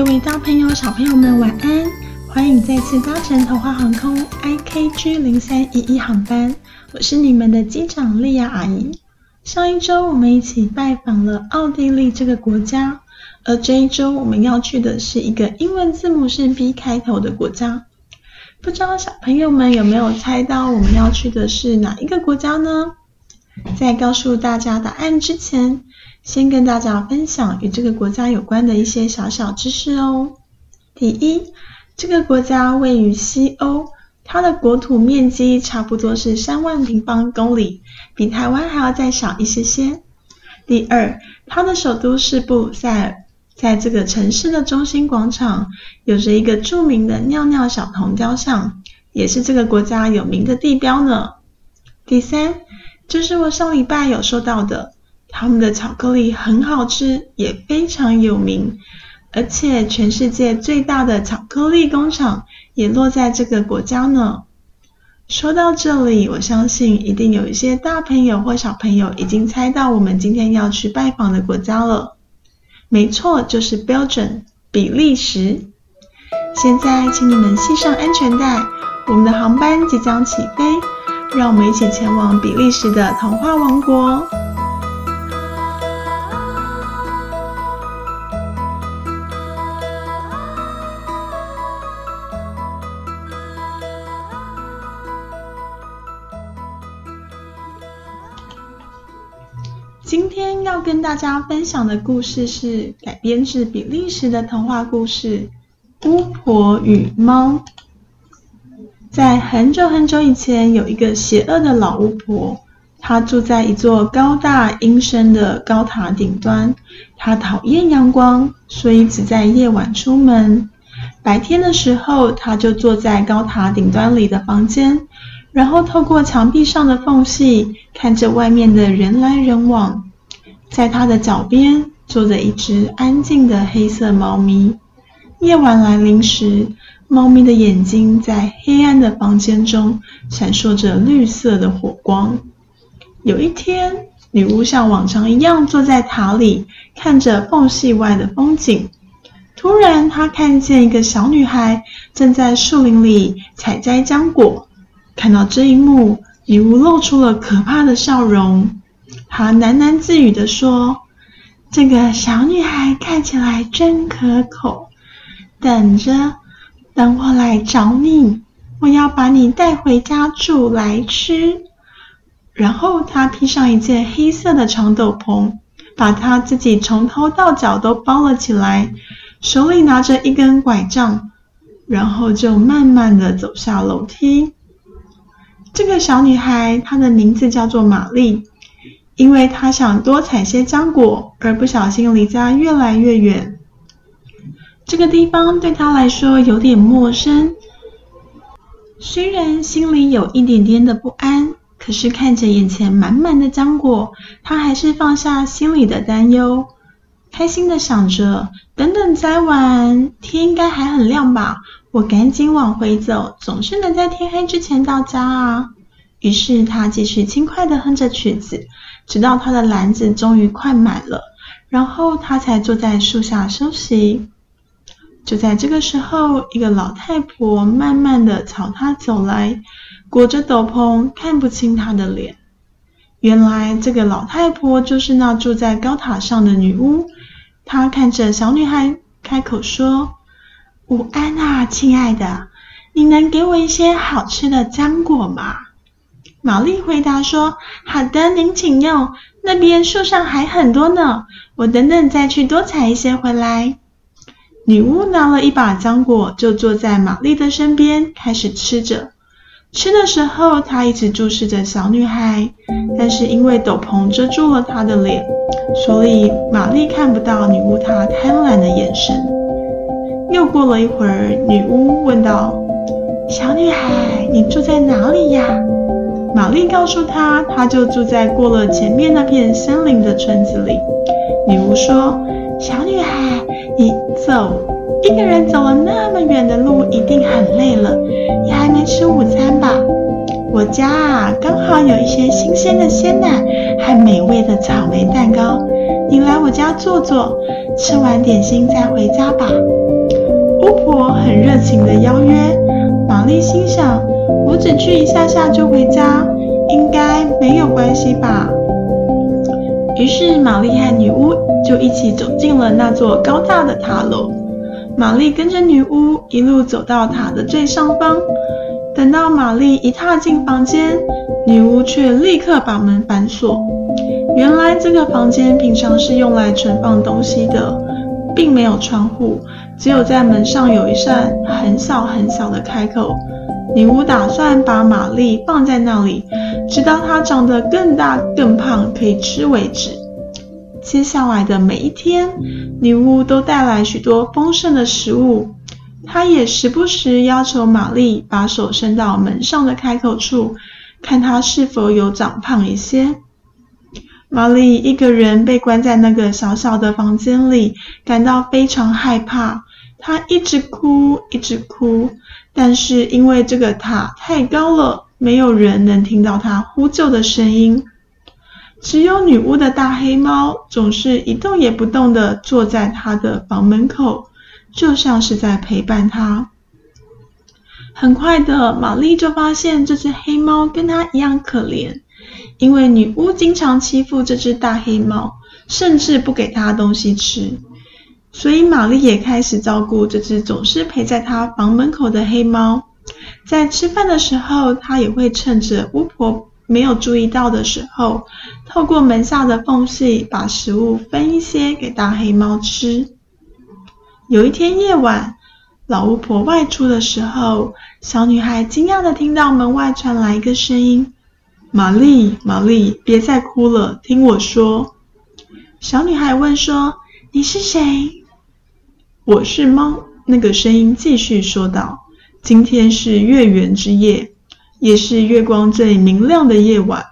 各位大朋友、小朋友們，晚安！歡迎再次搭乘童話航空 I K G 零三一一航班，我是你們的機長莉亞阿姨。上一周，我們一起拜訪了奧地利這個國家，而這一周我們要去的是一個英文字母是 B 開頭的國家。不知道小朋友們有沒有猜到我們要去的是哪一個國家呢？在告訴大家答案之前，先跟大家分享與這個國家有關的一些小小知識哦。第一，這個國家位於西歐，它的國土面積差不多是三萬平方公里，比台灣還要再小一些些。第二，它的首都是布魯塞爾，在這個城市的中心廣場，有着一個著名的尿尿小童雕像，也是這個國家有名的地標呢。第三。這、就是我上禮拜有收到的，他們的巧克力很好吃，也非常有名，而且全世界最大的巧克力工廠也落在這個國家呢。說到這裡，我相信一定有一些大朋友或小朋友已經猜到我們今天要去拜訪的國家了。沒錯，就是 Belgium，比利時。現在請你們系上安全帶，我們的航班即將起飛。讓我們一起前往比利時的童話王國。今天要跟大家分享的故事是改編自比利時的童話故事《巫婆與貓》。在很久很久以前，有一個邪惡的老巫婆，她住在一座高大陰森的高塔頂端。她討厭陽光，所以只在夜晚出門。白天的時候，她就坐在高塔頂端裡的房間，然後透過牆壁上的縫隙，看着外面的人來人往。在她的腳邊，坐着一隻安靜的黑色貓咪。夜晚來臨時，貓咪的眼睛在黑暗的房間中閃爍着綠色的火光。有一天，女巫像往常一樣坐在塔裡，看着縫隙外的風景。突然，她看見一個小女孩正在樹林裡採摘漿果。看到這一幕，女巫露出了可怕的笑容。她喃喃自語地說：“這個小女孩看起來真可口。”等着。等我來找你，我要把你帶回家煮來吃。然後她披上一件黑色的長斗篷，把她自己從頭到腳都包了起來，手裡拿着一根拐杖，然後就慢慢的走下樓梯。這個小女孩她的名字叫做瑪麗，因為她想多採些漿果，而不小心離家越來越遠。這個地方對他來說有點陌生，雖然心裡有一點點的不安，可是看着眼前滿滿的漿果，他還是放下心裡的擔憂，開心的想着：等等摘完，天應該還很亮吧？我趕緊往回走，總是能在天黑之前到家啊！於是他繼續輕快的哼着曲子，直到他的籃子終於快滿了，然後他才坐在樹下休息。就在這個時候，一個老太婆慢慢的朝他走來，裹着斗篷，看不清他的臉。原來這個老太婆就是那住在高塔上的女巫。她看着小女孩，開口說：“午安啊，親愛的，你能給我一些好吃的漿果嗎？”瑪麗回答說：“好的，您請用。那邊樹上還很多呢，我等等再去多採一些回來。”女巫拿了一把漿果，就坐在瑪麗的身邊，開始吃着。吃的時候，她一直注視着小女孩，但是因為斗篷遮住了她的臉，所以瑪麗看不到女巫她貪婪的眼神。又過了一會兒，女巫問道：“小女孩，你住在哪裡呀？”瑪麗告訴她：她就住在過了前面那片森林的村子裡。女巫說：“小女孩。”走，一個人走了那麼遠的路，一定很累了，你還沒吃午餐吧？我家啊，剛好有一些新鮮的鮮奶，還美味的草莓蛋糕，你來我家坐坐，吃完點心再回家吧。巫婆很熱情的邀約，瑪麗心想，我只去一下下就回家，應該沒有關係吧。於是瑪麗和女巫。就一起走進了那座高大的塔樓。瑪麗跟着女巫一路走到塔的最上方。等到瑪麗一踏進房間，女巫卻立刻把門反鎖。原來這個房間平常是用來存放東西的，並沒有窗戶，只有在門上有一扇很小很小的開口。女巫打算把瑪麗放在那裡，直到她長得更大更胖，可以吃為止。接下來的每一天，女巫都帶來許多豐盛的食物。她也時不時要求瑪麗把手伸到門上的開口處，看她是否有長胖一些。瑪麗一個人被關在那個小小的房間裡，感到非常害怕。她一直哭，一直哭，但是因為這個塔太高了，沒有人能聽到她呼救的聲音。只有女巫的大黑貓總是一動也不動的坐在她的房門口，就像是在陪伴她。很快的，瑪麗就發現這隻黑貓跟她一樣可憐，因為女巫經常欺負這隻大黑貓，甚至不給它東西吃。所以，瑪麗也開始照顧這隻總是陪在她房門口的黑貓。在吃飯的時候，她也會趁着巫婆沒有注意到的時候，透過門下的縫隙把食物分一些給大黑貓吃。有一天夜晚，老巫婆外出的時候，小女孩驚訝地聽到門外傳來一個聲音：“瑪麗，瑪麗，別再哭了，聽我說。”小女孩問說：“你是誰？”“我是貓。”那個聲音繼續說道：“今天是月圓之夜。”也是月光最明亮的夜晚，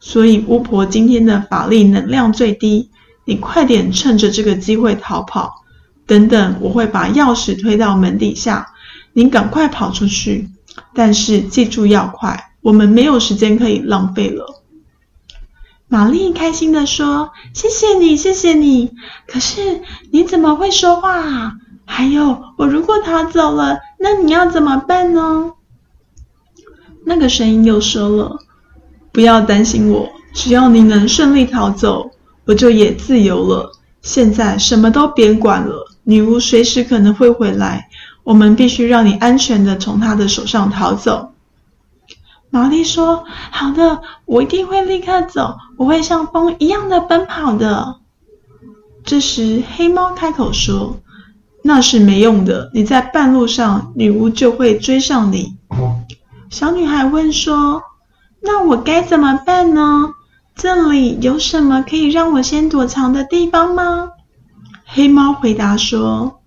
所以巫婆今天的法力能量最低。你快點趁着這個機會逃跑。等等，我會把鑰匙推到門底下，你趕快跑出去。但是記住要快，我們沒有時間可以浪費了。瑪麗開心地說：“謝謝你，謝謝你。可是你怎麼會說話啊？還有，我如果逃走了，那你要怎麼辦呢？”那個聲音又說了：“不要擔心我，只要你能順利逃走，我就也自由了。現在什麼都別管了，女巫隨時可能會回來，我們必須讓你安全的從她的手上逃走。”瑪麗說：“好的，我一定會立刻走，我會像風一樣的奔跑的。”這時，黑貓開口說：“那是沒用的，你在半路上，女巫就會追上你。”小女孩問說：“那我該怎麼辦呢？這裡有什麼可以讓我先躲藏的地方嗎？”黑貓回答說：“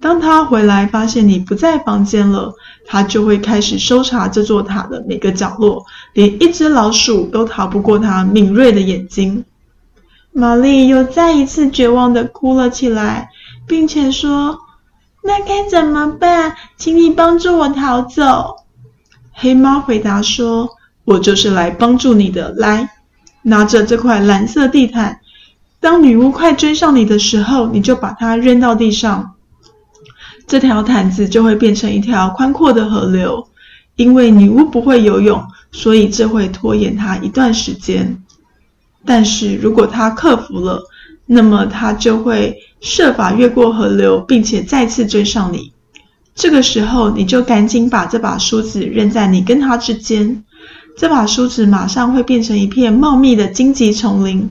當她回來發現你不在房間了，她就會開始搜查這座塔的每個角落，連一隻老鼠都逃不過她敏銳的眼睛。”瑪麗又再一次絕望地哭了起來，並且說：“那該怎麼辦？請你幫助我逃走。”黑貓回答說：“我就是來幫助你的。來，拿着這塊藍色地毯。當女巫快追上你的時候，你就把它扔到地上。這條毯子就會變成一條寬闊的河流。因為女巫不會游泳，所以這會拖延她一段時間。但是如果她克服了，那麼她就會設法越過河流，並且再次追上你。”這個時候，你就趕緊把這把梳子扔在你跟他之間。這把梳子馬上會變成一片茂密的荊棘叢林。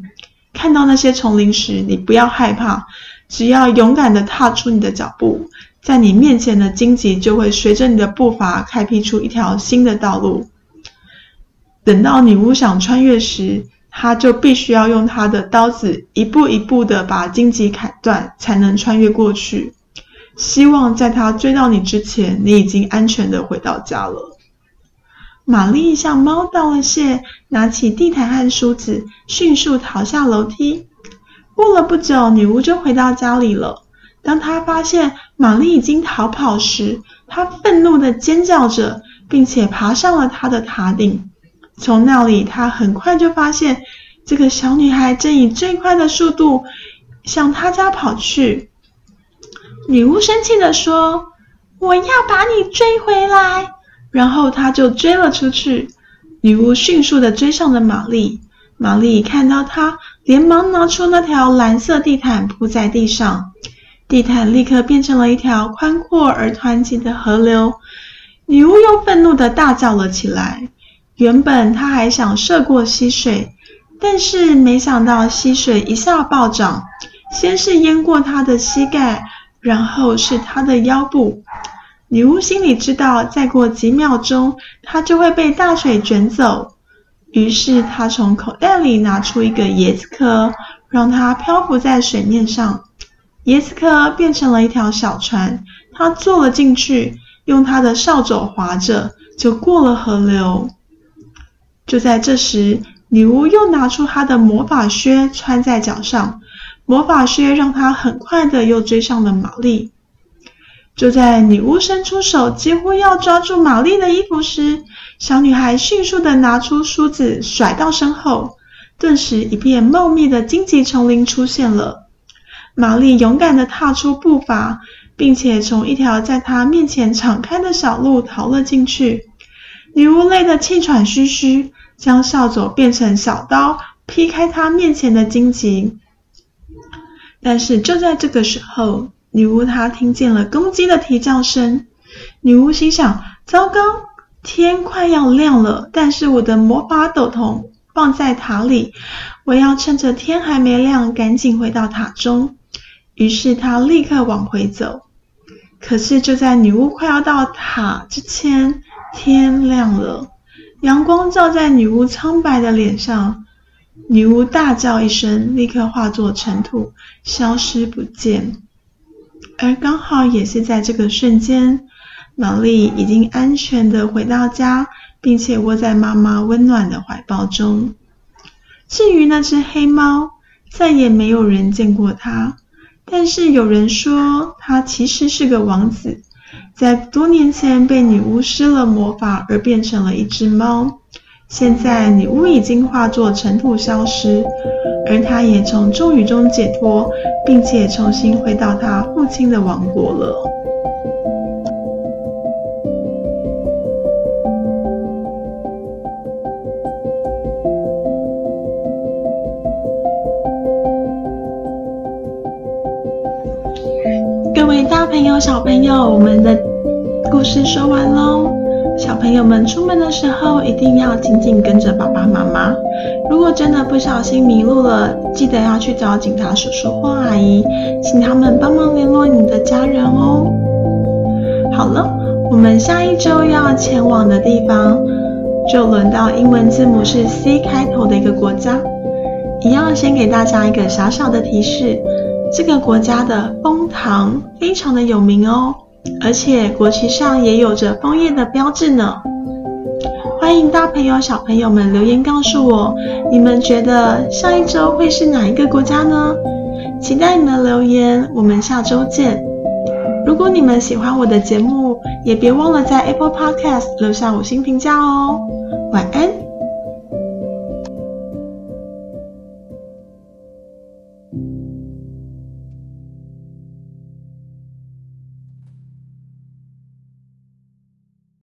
看到那些叢林時，你不要害怕，只要勇敢的踏出你的腳步，在你面前的荊棘就會隨着你的步伐開闢出一條新的道路。等到女巫想穿越時，她就必須要用她的刀子一步一步的把荊棘砍斷，才能穿越過去。希望在他追到你之前，你已經安全的回到家了。瑪麗向貓道了謝，拿起地毯和梳子，迅速逃下樓梯。過了不久，女巫就回到家裡了。當她發現瑪麗已經逃跑時，她憤怒的尖叫着，並且爬上了她的塔頂。從那裡，她很快就發現這個小女孩正以最快的速度向她家跑去。女巫生氣地說：“我要把你追回來。”然後她就追了出去。女巫迅速地追上了瑪麗。瑪麗看到她，連忙拿出那條藍色地毯鋪在地上。地毯立刻變成了一條寬闊而湍急的河流。女巫又憤怒地大叫了起來。原本她還想涉過溪水，但是沒想到溪水一下暴漲，先是淹過她的膝蓋。然後是他的腰部。女巫心裡知道，再過幾秒鐘，他就會被大水捲走。於是，她從口袋裡拿出一個椰子殼，讓它漂浮在水面上。椰子殼變成了一條小船，她坐了進去，用她的掃帚划着，就過了河流。就在這時，女巫又拿出她的魔法靴，穿在腳上。魔法靴讓她很快的又追上了瑪麗。就在女巫伸出手，幾乎要抓住瑪麗的衣服時，小女孩迅速的拿出梳子甩到身後，頓時一片茂密的荊棘叢林出現了。瑪麗勇敢的踏出步伐，並且從一條在她面前敞開的小路逃了進去。女巫累得氣喘吁吁，將掃帚變成小刀，劈開她面前的荊棘。但是就在這個時候，女巫她聽見了公雞的啼叫聲。女巫心想：“糟糕，天快要亮了，但是我的魔法斗篷放在塔裡，我要趁着天還沒亮，趕緊回到塔中。”於是她立刻往回走。可是就在女巫快要到塔之前，天亮了，陽光照在女巫蒼白的臉上。女巫大叫一聲，立刻化作塵土，消失不見。而剛好也是在這個瞬間，瑪麗已經安全的回到家，並且窩在媽媽溫暖的懷抱中。至於那隻黑貓，再也沒有人見過它，但是有人說它其實是個王子，在多年前被女巫施了魔法而變成了一隻貓。現在女巫已經化作塵土消失，而她也從咒語中解脫，並且重新回到她父親的王國了。各位大朋友、小朋友，我們的故事說完嘍。小朋友們出門的時候，一定要緊緊跟着爸爸媽媽。如果真的不小心迷路了，記得要去找警察叔叔或阿姨，請他們幫忙聯絡你的家人哦。好了，我們下一周要前往的地方，就輪到英文字母是 C 開頭的一個國家。一樣先給大家一個小小的提示，這個國家的楓糖非常的有名哦。而且國旗上也有着楓葉的標誌呢。歡迎大朋友小朋友們留言告訴我，你們覺得下一週會是哪一個國家呢？期待你們留言，我們下週見。如果你們喜歡我的節目，也別忘了在 Apple Podcast 留下五星評價哦。晚安。